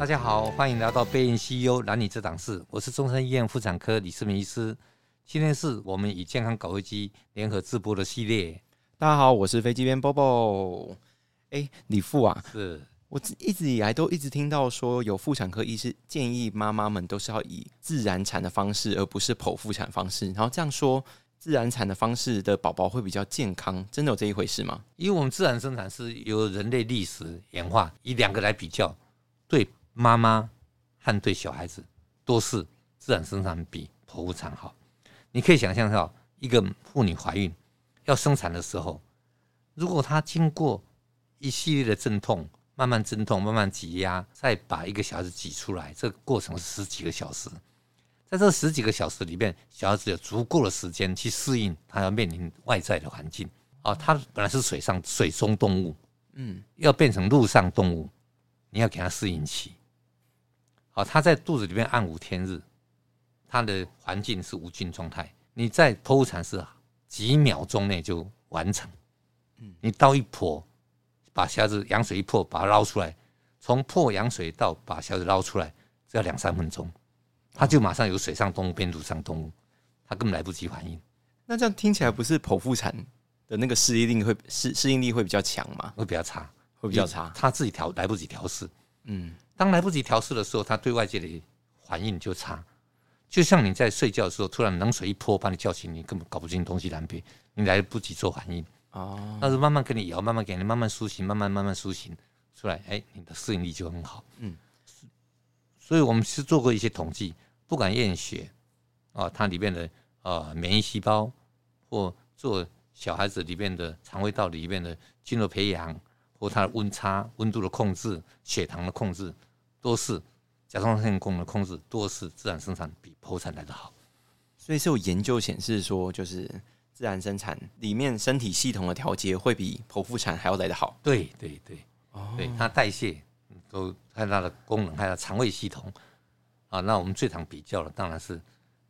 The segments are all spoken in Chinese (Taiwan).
大家好，歡迎來到《備孕 CEO 男女這檔事》，我是中山醫院婦產科李世明醫師。今天是我們以健康搞飛機聯合直播的系列。大家好，我是飛機編 Bobo。哎、欸，李富啊，是我一直以來都一直聽到說，有婦產科醫師建議媽媽們都是要以自然產的方式，而不是剖腹產方式。然後這樣說，自然產的方式的寶寶會比較健康，真的有這一回事嗎？因為我們自然生產是由人類歷史演化，以兩個來比較，對。媽媽和對小孩子都是自然生產比剖腹產好。你可以想象到，一個婦女懷孕要生產的時候，如果她經過一系列的陣痛，慢慢陣痛，慢慢擠壓，再把一個小孩子擠出來，這個過程是十幾個小時。在這十幾個小時裡面，小孩子有足夠的時間去適應他要面臨外在的環境哦，他本來是水上、水中動物，嗯，要變成陸上動物，你要給他適應期。他在肚子裡面暗無天日，他的環境是無菌狀態。你在剖腹產是幾秒鐘內就完成。嗯，你刀一破，把蝦子羊水一破，把它撈出來，從破羊水到把蝦子撈出來，只要兩三分鐘，他就馬上由水上動物變陸、哦、上動物，他根本來不及反應。那這樣聽起來不是剖腹產的那個適應力會適適應力會比較強嗎？會比較差，會比較差，他自己調來不及調適。嗯。當來不及調適的時候，他對外界的反應就差，就像你在睡覺的時候，突然冷水一潑把你叫醒，你根本搞不清東西南北，你來不及做反應，oh. 但是慢慢跟你搖，慢慢跟你，你慢慢蘇醒，慢慢慢慢蘇醒出來，哎、欸，你的適應力就很好。嗯，所以我們是做過一些統計，不管驗血啊，它裡面的、呃、免疫細胞，或做小孩子裡面的腸胃道裡面的菌落培養，或它的溫差、溫度的控制、血糖的控制。多是甲狀腺功能控制，多是自然生產比剖產來得好，所以是有研究顯示說，就是自然生產裡面身體系統的調節會比剖腹產還要來得好。對對對，對，對、哦、對它代謝都，都它的功能，還有腸胃系統啊。那我們最常比較的當然是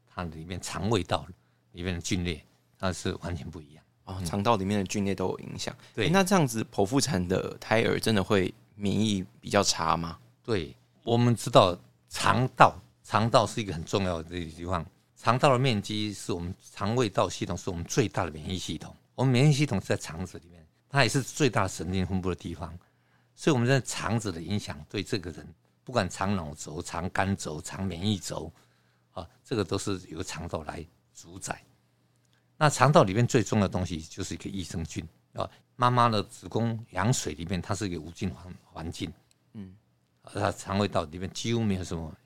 它裡面腸胃道裡面的菌列，它是完全不一樣哦，腸道裡面的菌列都有影響。對、欸，那這樣子剖腹產的胎兒真的會免疫比較差嗎？對，我們知道腸道，腸道是一個很重要的地方。腸道的面積是我們腸胃道系統，是我們最大的免疫系統。我們免疫系統在腸子裡面，它也是最大神經分布的地方。所以我們在腸子的影響，對這個人不管腸腦軸、腸肝軸、腸免疫軸，啊，這個都是由腸道來主宰。那腸道裡面最重要的東西就是一個益生菌啊。媽媽的子宮羊水裡面，它是一個無菌環環境，嗯。他腸胃道裡面幾乎沒有什麼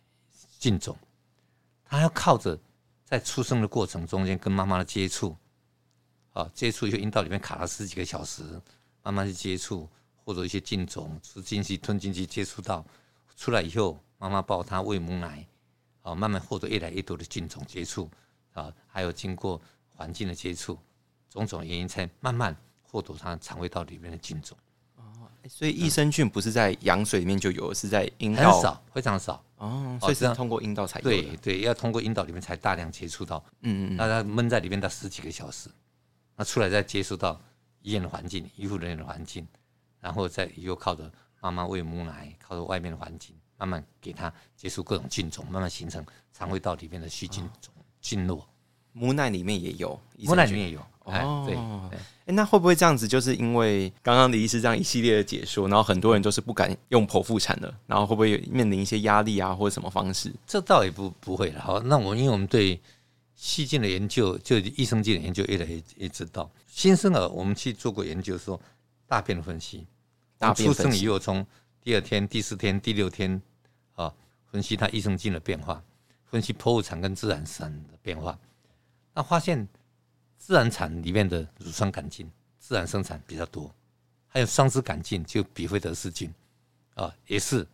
菌種，他要靠着在出生的過程中間跟媽媽的接觸，啊，接觸以後，陰道裡面卡了十幾個小時，慢慢去接觸，獲得一些菌種，吃進去吞進去接觸到，出來以後媽媽抱他餵母奶，啊，慢慢獲得越來越多的菌種接觸，啊，還有經過環境的接觸，種種原因才慢慢獲得他腸胃道裡面的菌種。所以益生菌不是在羊水裡面就有，是在陰道，很少，非常少哦。所以是通過陰道才對，對，要通過陰道裡面才大量接觸到。嗯嗯，那它悶在裡面到十幾個小時，那、嗯、出來再接觸到醫院的環境、醫護人員的環境，然後再又靠着媽媽餵母奶，靠着外面的環境慢慢給它接觸各種菌種，慢慢形成腸胃道裡面的細菌種、哦、菌落。母奶裡面也有益生菌，也有。哦、oh,，對，哎、欸，那會不會這樣子？就是因為剛剛李醫師這樣一系列的解說，然後很多人都是不敢用剖腹產的，然後會不會有面臨一些壓力啊，或者什麼方式？這倒也不不會了。好，那我因為我們對細菌的研究，就益生菌的研究，越來越越知道。新生兒我們去做過研究，說大便的分析，出生以後從第二天、第四天、第六天啊，分析他益生菌的變化，分析剖腹產跟自然生的變化，那發現。自然產裡面的乳酸桿菌，自然生產比較多，還有雙歧桿菌，就比菲德氏菌，啊，也是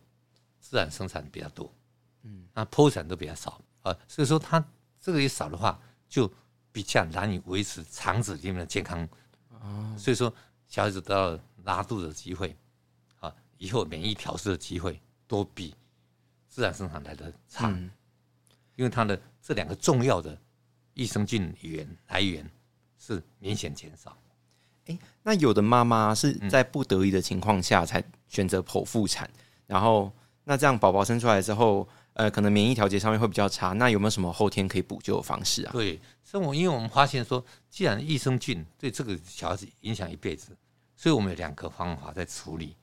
自然生產比較多，嗯，那剖產都比較少啊，所以說它這個一少的話，就比較難以維持腸子裡面的健康，哦、所以說小孩子得到拉肚子的機會，啊，以後免疫調試的機會都比自然生產來得差，嗯、因為它的這兩個重要的益生菌源來源，是明顯減少，哎，那有的媽媽是在不得已的情況下才選擇剖腹產，嗯、然後那這樣寶寶生出來之後，呃，可能免疫調節上面會比較差。那有沒有什麼後天可以補救的方式啊？對，所以我因為我們發現說，既然益生菌對這個小孩子影響一輩子，所以我們有兩個方法在處理。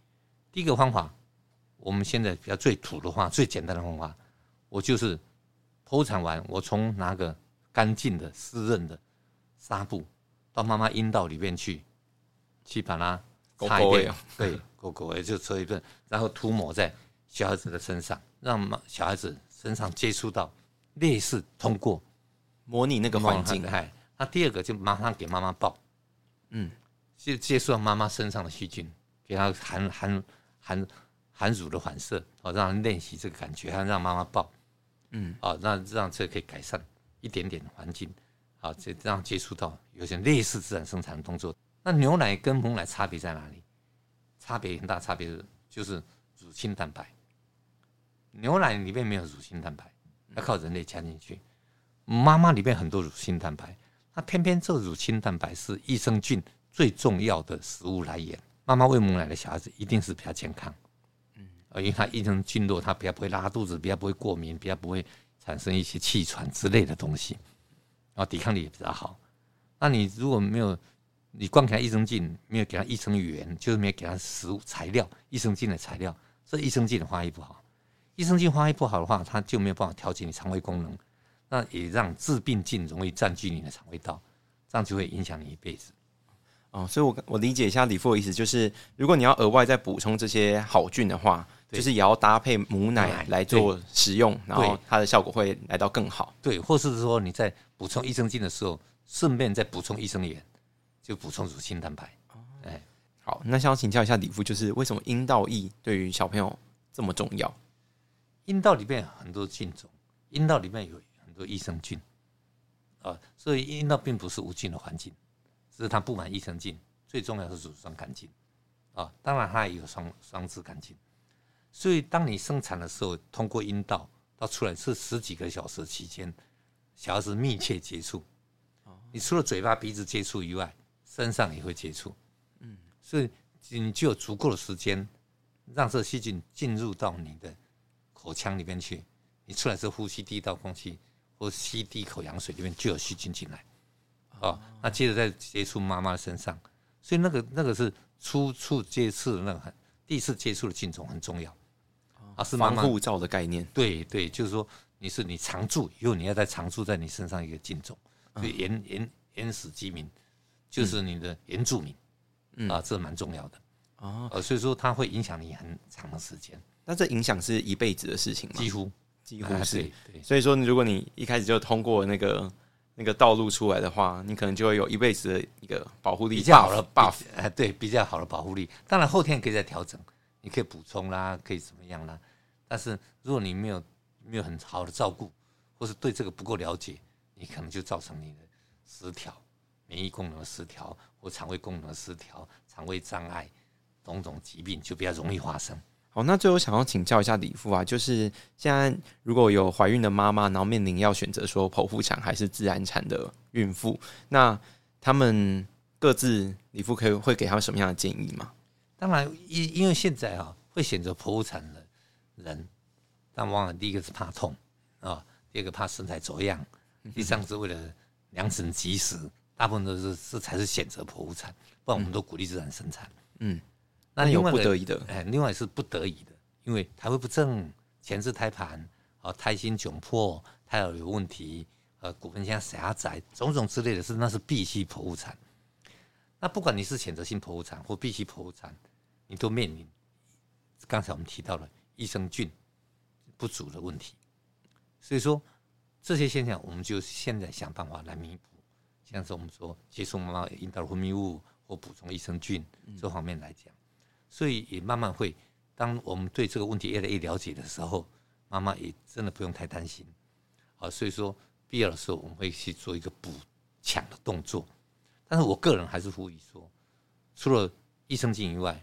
第一個方法，我們現在比較最土的話，最簡單的方法，我就是剖腹產完，我從拿個乾淨的濕潤的。紗布到媽媽陰道裡面去，去把它擦一遍。搞搞啊、對，狗狗也就搓一遍，然後塗抹在小孩子的身上，讓小孩子身上接觸到類似通過模擬那個環境。哎、嗯，那第二個就馬上給媽媽抱，嗯，就接觸到媽媽身上的細菌，給她含含含含乳的反射，哦，讓人練習這個感覺，還讓媽媽抱，嗯，啊、哦，讓讓這可以改善一點點環境。好，就這樣接觸到有些類似自然生產的動作。那牛奶跟母奶差別在哪裡？差別很大，差別是就是乳清蛋白。牛奶裡面沒有乳清蛋白，要靠人類加進去。媽媽裡面很多乳清蛋白，那偏偏這乳清蛋白是益生菌最重要的食物來源。媽媽餵母奶的小孩子一定是比較健康，嗯，因為它益生菌多，它比較不會拉肚子，比較不會過敏，比較不會產生一些氣喘之類的東西。啊，抵抗力也比較好。那你如果沒有，你光給他益生菌，沒有給他益生元，就是沒有給他食物材料，益生菌的材料，這益生菌的發揮不好。益生菌發揮不好的話，他就沒有辦法調節你腸胃功能，那也讓致病菌容易佔據你的腸胃道，這樣就會影響你一輩子。哦，所以我我理解一下李副的意思，就是如果你要額外再補充這些好菌的話。對就是也要搭配母奶來做使用，嗯、對然後它的效果會來到更好。對,對，或是說你在補充益生菌的時候，順便再補充益生元，就補充乳清蛋白。哎，哦、好，那想請教一下李父，就是為什麼陰道液對於小朋友這麼重要？陰道裡面很多菌種，陰道裡面有很多益生菌啊、哦，所以陰道並不是無菌的環境，只是它佈滿益生菌，最重要的是乳酸桿菌啊、哦，當然它也有雙雙歧桿菌。所以，當你生產的時候，通過陰道到出來是十幾個小時期間，小孩子密切接觸，你除了嘴巴鼻子接觸以外，身上也會接觸，嗯，所以你就有足夠的時間讓這細菌進入到你的口腔裡面去。你出來是呼吸第一道空氣，或吸第一口羊水裡面就有細菌進來，哦，那接着再接觸媽媽身上，所以那個那個是初初接觸的那個。第一次接觸的菌種很重要，啊，是蠻防護罩的概念。對對，對，就是說你是你常住，以後你要再常住在你身上一個菌種，原原原始居民就是你的原住民啊，這蠻重要的啊。所以說它會影響你很長的時間，但這影響是一輩子的事情嗎？幾乎幾乎是。所以說，如果你一開始就通過那個。那個道路出來的話，你可能就會有一輩子的一個保護力比較好的 buff，哎，對，比較好的保護力。當然，後天可以再調整，你可以補充啦，可以怎麼樣啦。但是，如果你沒有沒有很好的照顧，或是對這個不夠了解，你可能就造成你的失調、免疫功能的失調或腸胃功能失調、腸胃障礙、種種疾病就比較容易發生。好，那最後想要請教一下李父啊，就是現在如果有懷孕的媽媽，然後面臨要選擇說剖腹產還是自然產的孕婦，那他們各自李父可以會給他們什麼樣的建議嗎？當然，因因為現在啊、喔、會選擇剖腹產的人，但往往第一個是怕痛啊、喔，第二個怕身材走樣，第三、嗯、是為了良辰吉時，大部分都是這才是選擇剖腹產，不然我們都鼓勵自然生產。嗯。嗯那另外有不得已的，哎，另外是不得已的，因為胎位不正、前置胎盤、啊胎心窘迫、胎兒有問題、呃、啊、骨盆腔狹窄，種種之類的事，那是必須剖腹產。那不管你是選擇性剖腹產或必須剖腹產，你都面臨剛才我們提到的益生菌不足的問題。所以說，這些現象我們就現在想辦法來彌補，像是我們說接觸媽媽陰道分泌物或補充益生菌、嗯、這方面來講。所以也慢慢會，當我們對這個問題越來越了解的時候，媽媽也真的不用太擔心。啊，所以說必要的時候我們會去做一個補強的動作。但是我個人還是呼籲說，除了益生菌以外，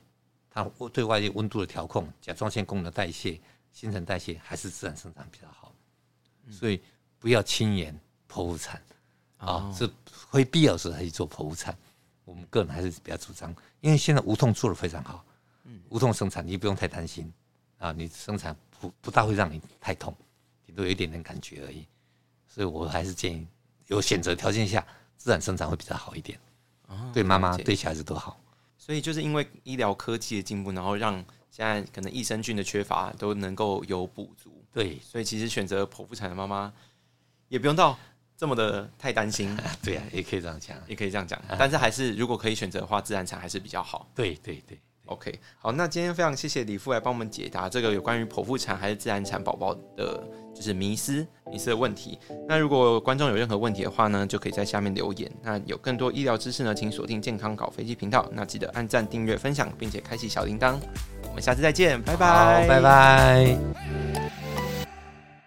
它對外界溫度的調控、甲狀腺功能代謝、新陳代謝還是自然生長比較好。所以不要輕言剖腹產啊，是非、哦、必要的時候才去做剖腹產。我們個人還是比較主張，因為現在無痛做得非常好。嗯、無痛生產，你不用太擔心啊！你生產不不大會讓你太痛，你都有一點點感覺而已。所以我還是建議，有選擇條件下，自然生產會比較好一點，嗯、對媽媽對小孩子都好。所以就是因為醫療科技的進步，然後讓現在可能益生菌的缺乏都能夠有補足。對，所以其實選擇剖腹產的媽媽也不用到這麼的太擔心，啊。對啊，也可以這樣講，也可以這樣講。啊、但是還是如果可以選擇的話，自然產還是比較好。對對對。對對 OK，好，那今天非常謝謝李父來幫我們解答這個有關於剖腹產還是自然產寶寶的，就是迷思、迷思的問題。那如果觀眾有任何問題的話呢，就可以在下面留言。那有更多醫療知識呢，請鎖定健康搞飛機頻道。那記得按讚、訂閱、分享，並且開啟小鈴鐺。我們下次再見，拜拜，拜拜。